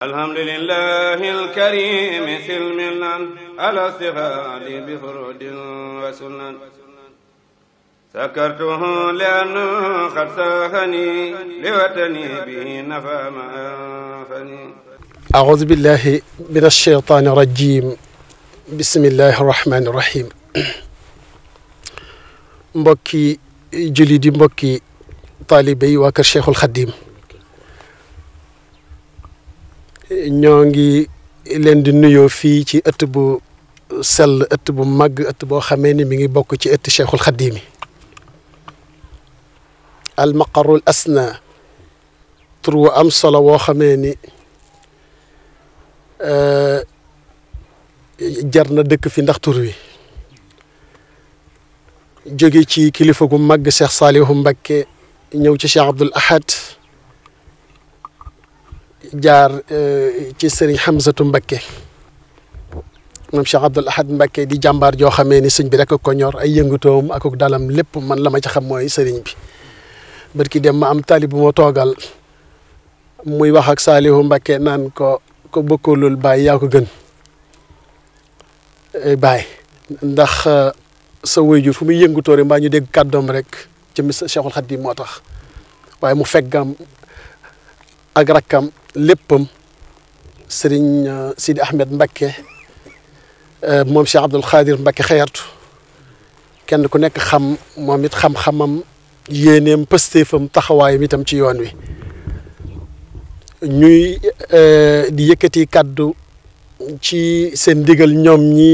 الحمد لله الكريم سلم على استغال بفرود وسنن سكرته لأنه قد ساخني لوطني به نفى ما أنفني أعوذ بالله من الشيطان الرجيم بسم الله الرحمن الرحيم مبكي جليدي مبكي طالبي وكر شيخ الخديم ñoo ngi leen di nuyoo fii ci ëtt bu sell ëtt bu màgg ëtt boo xamee ni mi ngi bokk ci ëtt Cheikhul Xadimi al maqarul asna tur wu am solo woo xamee ni eh, jar na dëkk fi ndax tur wi jóge ci kilifa gu màgg Cheikh Salihu Mbakke ñëw ci Cheikh Abdoul Ahad jaar eh, ci sëriñ Hamzatu Mbakke moom Cheikh Abdoul Ahad Mbakke di jàmbaar joo xamee ni sëñ bi rek ko ñor ay yëngatoom ak dalam lépp man la ma ci xam mooy sëriñ bi barki dem ma am taalib bu ma muy wax ak Saalihu Mbakke naan ko ko bokkalul Baye yaa ko gën eh, Baye ndax eh, sa waajur fu muy yëngutoore mbaa ñu dégg kàddoom rek ci Cheikhul Khadim moo tax waaye mu feggam ak rakkam léppam sëriñ euh, Sidi Ahmed Mbakke euh, moom Cheikh Abdoul Khadir Mbakke xayartu kenn ku nekk xam moom it xam-xamam yéeneem pëstéefam taxawaayam itam ci yoon wi ñuy euh, di yëkkati kàddu ci seen diggal ñoom ñi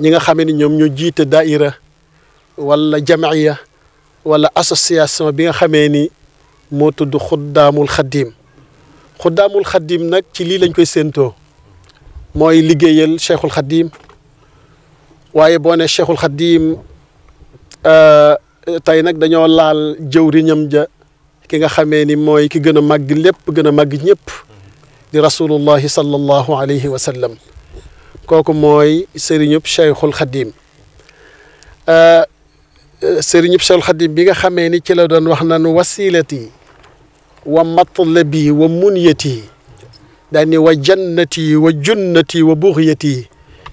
ñi nga xamee ni ñoom ñoo jiite daaira wala jamaaya wala association bi nga xamee ni moo tudd xuddaamul xaddiim xuddaamul xaddiim nag ci lii lañ koy séentoo mooy liggéeyal cheikhul xaddiim waaye boo ne cheikhul xaddiim euh, tey nag dañoo laal jëwriñam ja ki nga xamee ni mooy ki gën a màgg lépp gën a màgg ñëpp di rasulullahi sallallahu alayhi wa sallam kooku mooy sëriñub cheikhul xaddiim euh, sëriñub cheikhul xaddiim bi nga xamee ni ci la doon wax naan wasiilati wa matlabi wa munyati daani wa jannati wa junnati wa buxyati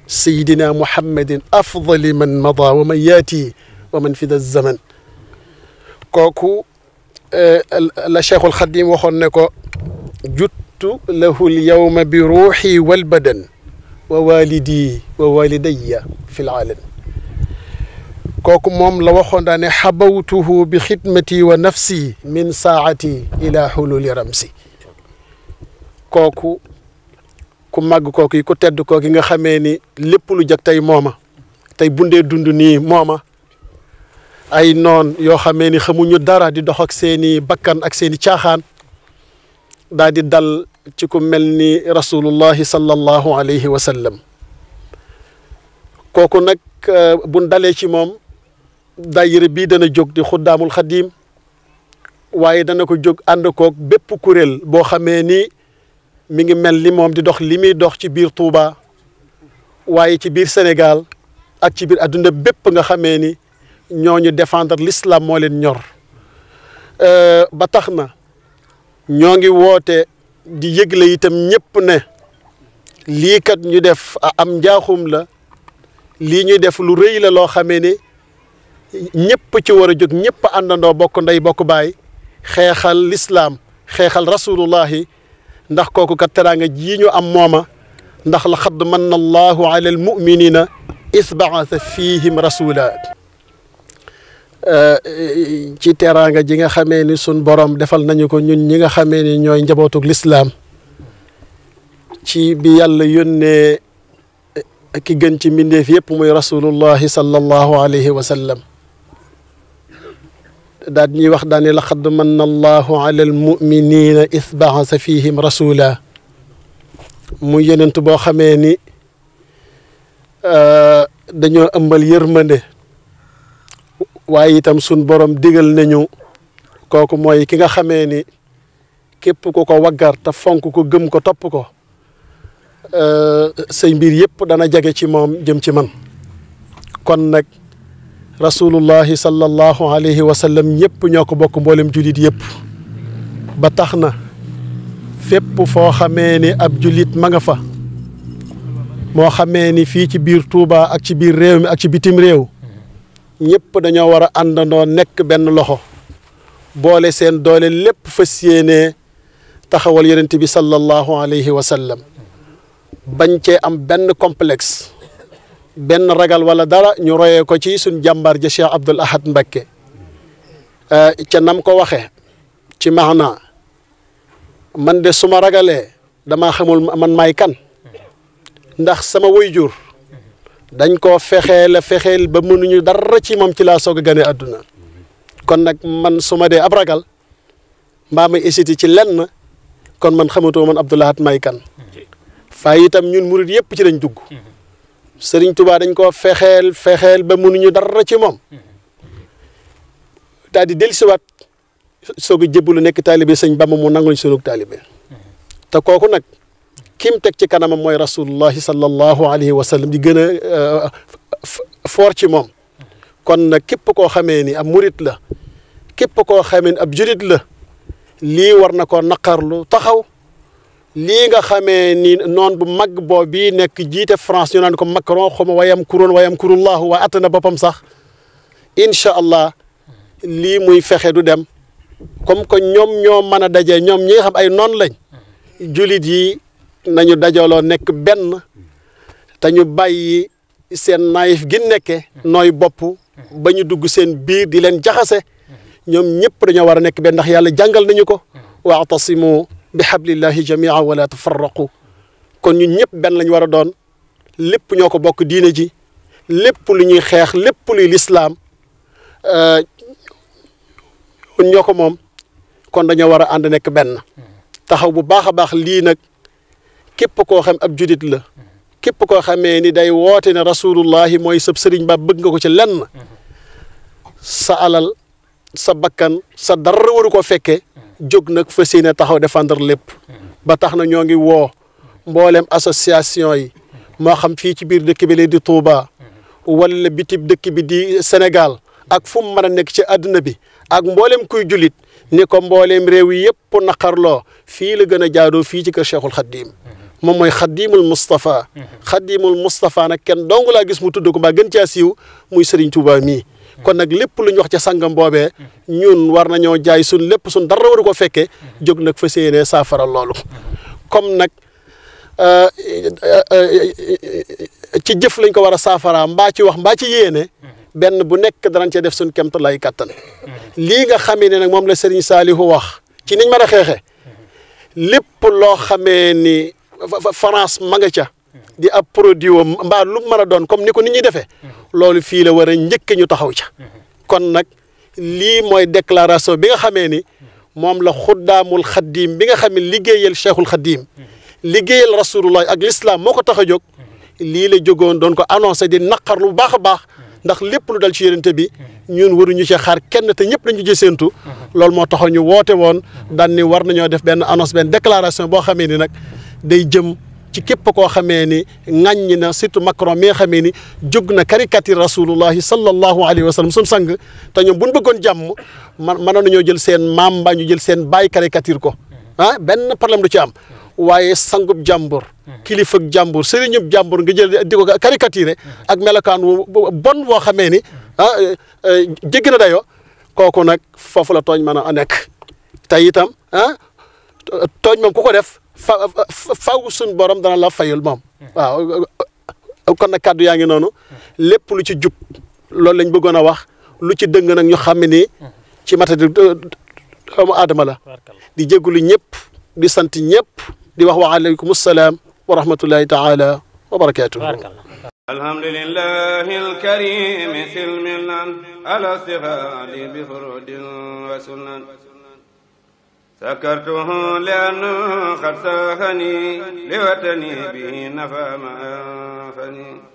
sayidina muhammadin afdali man mada wa man yaati wa man fida zaman kooku eh, la cheikhul xadim waxoon ne ko juttu lahu lyawma bi ruuxi walbadan wa walidi wa walidaya fi l alam kooku moom la waxoon daa ne xabawtuhu bi xidmati wa nafsi min saati ila xululi ramsi kooku ku màgg kooku yi ku tedd kooku nga xamee ni lépp lu jag tey mooma tey bundee dund nii mooma ay noon yoo xamee ni xamuñu dara di dox ak seeni bakkan ak seeni caaxaan daal di dal ci ku mel ni rasulullahi sallallahu alayhi wa sallam kooku nag eh, bun dalee ci moom daayira bii dana jóg di xuddaamul xadiim waaye dana ko jóg ànd koog bépp kuréel boo xamee ni mu ngi mel ni moom di dox li muy dox ci biir Touba waaye ci biir Sénégal ak ci biir adduna bépp nga xamee ni ñoo ñu défendre l'islam moo leen ñor euh, ba tax na ñoo ngi woote di yëgle itam ñëpp ne lii kat ñu def am njaaxum la lii ñuy def lu rëy la loo xamee ni ñëpp ci war a jóg ñëpp a àndandoo bokk ndey bokk baay xeexal lislaam xeexal rasulullahi ndax kooku kat teraanga ji ñu am mooma ndax laqad manna allahu ala almuminina is baasa fihim rasula ci teraanga ji nga xamee ni sun borom defal nañu ko ñun ñi nga xamee ni ñooy njabootuk lislaam ci bi yàlla yónnee ki gën ci mbindeef yëpp muy rasulullahi sallallahu alayhi wa sallam daal ñuy wax daane laqad manna allahu ala almuminina is baasa fihim rasula mu yenent boo xamee ni euh, dañoo ëmbal yërmande waaye itam sun borom digal nañu kooku mooy ki nga xamee ni képp ku ko waggar te fonk ko gëm ko topp ko euh, say mbir yépp dana jage ci moom jëm ci man kon nag rasulullahi sallallahu alayhi wa sallam ñëpp ñoo ko bokk mboolem jullit yëpp ba tax na fépp foo xamee ni ab jullit ma nga fa moo xamee ni fii ci biir Touba ak ci biir réew mi ak ci bitim réew ñépp dañoo war a àndandoo nekk benn loxo boole seen doole lépp fas yéenee taxawal yonent bi sallallahu alayhi wa bañ cee am benn complex benn ragal wala dara ñu royee ko ci suñ jàmbaar ja Cheikh Abdoul Ahad Mbacké euh, ca nam ko waxe ci maana man de su ma ragalee dama xamul man maay kan ndax sama woy jur dañ ko fexee la fexeel ba mënuñu dara ci moom ci laa soog a gane àdduna kon nag man su ma dee ab ragal mbaam ma hésité ci lenn kon man xamatoo man Abdoul Ahad may kan fay itam ñun murit yëpp ci lañ dugg sëriñ tubaa dañ ko fexeel fexeel ba mënuñu dara ci moom daal di dellusiwaat soog a jébbalu nekk taalibe sëñ Bamba mu nangul sunu taalibe te kooku nag kim teg ci kanamam mooy rasulullahi sallallahu alayhi wa sallam di gën a uh, foor ci moom kon nag képp koo xamee ni ab murit la képp koo xamee ni ab jurit la lii war na koo naqarlu taxaw lii nga xamee ni noon bu mag boo bii nekk jiite France ñu naan ko Macron xaw ma wayam kuroon wayam kurullahu waa attana boppam sax incha allah lii muy fexe du dem comme que ñoom ñoo mën a daje ñoom ñi xam ay noon lañ julit yi nañu dajaloo nekk benn te bay seen naayif gi nekke nooy bopp ba ñu dugg seen biir di leen jaxase ñoom ñëpp dañoo war a nekk benn ndax yàlla jàngal nañu ko waatasimu bi hablillahi jamia wala tafarraqu kon ñun ñëpp benn lañ war a doon lépp ñoo ko bokk diine ji lépp lu ñuy xeex lépp luy lislaam euh, ñoo ko moom kon dañoo war a ànd nekk benn taxaw bu baax a baax lii nag képp koo xam ab judit la képp koo xamee ni day woote ne rasulullahi mooy sab sëriñ ba bëgg nga ko ci lenn sa alal sa bakkan sa dara waru koo fekkee jóg nag fas ne taxaw défendre lépp ba tax na ñoo ngi woo mboolem association yi moo xam fii ci biir dëkk bi lee di Touba wala biti dëkk bi di Sénégal ak fu mu mën a nekk ci àdduna bi ak mboolem kuy julit ni ko mbooleem réew yi yëpp naqarloo fii la gën a jaadoo fii ci kër Cheikhul Khadim moom mooy xaddiimul Moustapha xaddiimul Moustapha nag kenn dong laa gis mu tuddu ko mbaa gën siiw muy Serigne Touba mii kon nag lépp lu ñu wax ca sangam boobee ñun war nañoo jaay suñ lépp suñ dara waru ko fekkee jóg nag fas yéenee saafara loolu comme nag euh, ci jëf lañ ko war a saafara mbaa ci wax mbaa ci yéene benn bu nekk danañ cee def suñ kemt lay kattan lii nga xamee ne nag moom la saali Saliou wax ci niñ mën a xeexe lépp loo xamee ni farance manga ca di ab produit am mbaa lu mën a doon comme ni ko nit ñuy defee loolu fii la war a njëkk ñu taxaw ca kon nag lii mooy déclaration bi nga xamee ni moom la xuddaamul xaddiim bi nga xam ne liggéeyal cheikhul xaddiim liggéeyal rasulullah ak lislaam moo ko tax a jóg lii la jógoon doon ko annoncé di naqar lu baax a baax ndax lépp lu dal ci yonente bi ñun waruñu ci xaar kenn te ñëpp lañu ci séentu loolu moo tax ñu woote woon daan ni war nañoo def benn annonce benn déclaration boo xamee ni nag day jëm ci ko koo xamee ni ŋàññi na surtout Macron mi nga xamee ni jóg na caricature rasulullahi sallallahu alayhi wa sallam suñu sang te ñoom bu ñu bëggoon jàmm man mënoon nañoo jël seen maam mbaa ñu jël seen bàyyi caricature ko ah benn problème du ci am waaye sangub jàmbur kilifag jàmbur sëriñub jàmbur nga jël di ko ak melokaan wu bon boo xamee ni ah eh, eh, jéggi na dayoo kooku nag foofu la tooñ mën a nekk te ah, tooñ moom ku ko def fa faw suñ borom dana la fayul moom waaw kon nag kàddu yaa ngi noonu lépp lu ci jub loolu lañ bëggoon a wax lu ci dëng nag ñu xam ne nii ci matadi doomu aadama la di jégalu ñëpp di sant ñëpp di wax wa aleykum salaam wa rahmatullahi taala wa barakaatuhu سكرته لأنه قد ساخني لوطني به نفى ما أنفني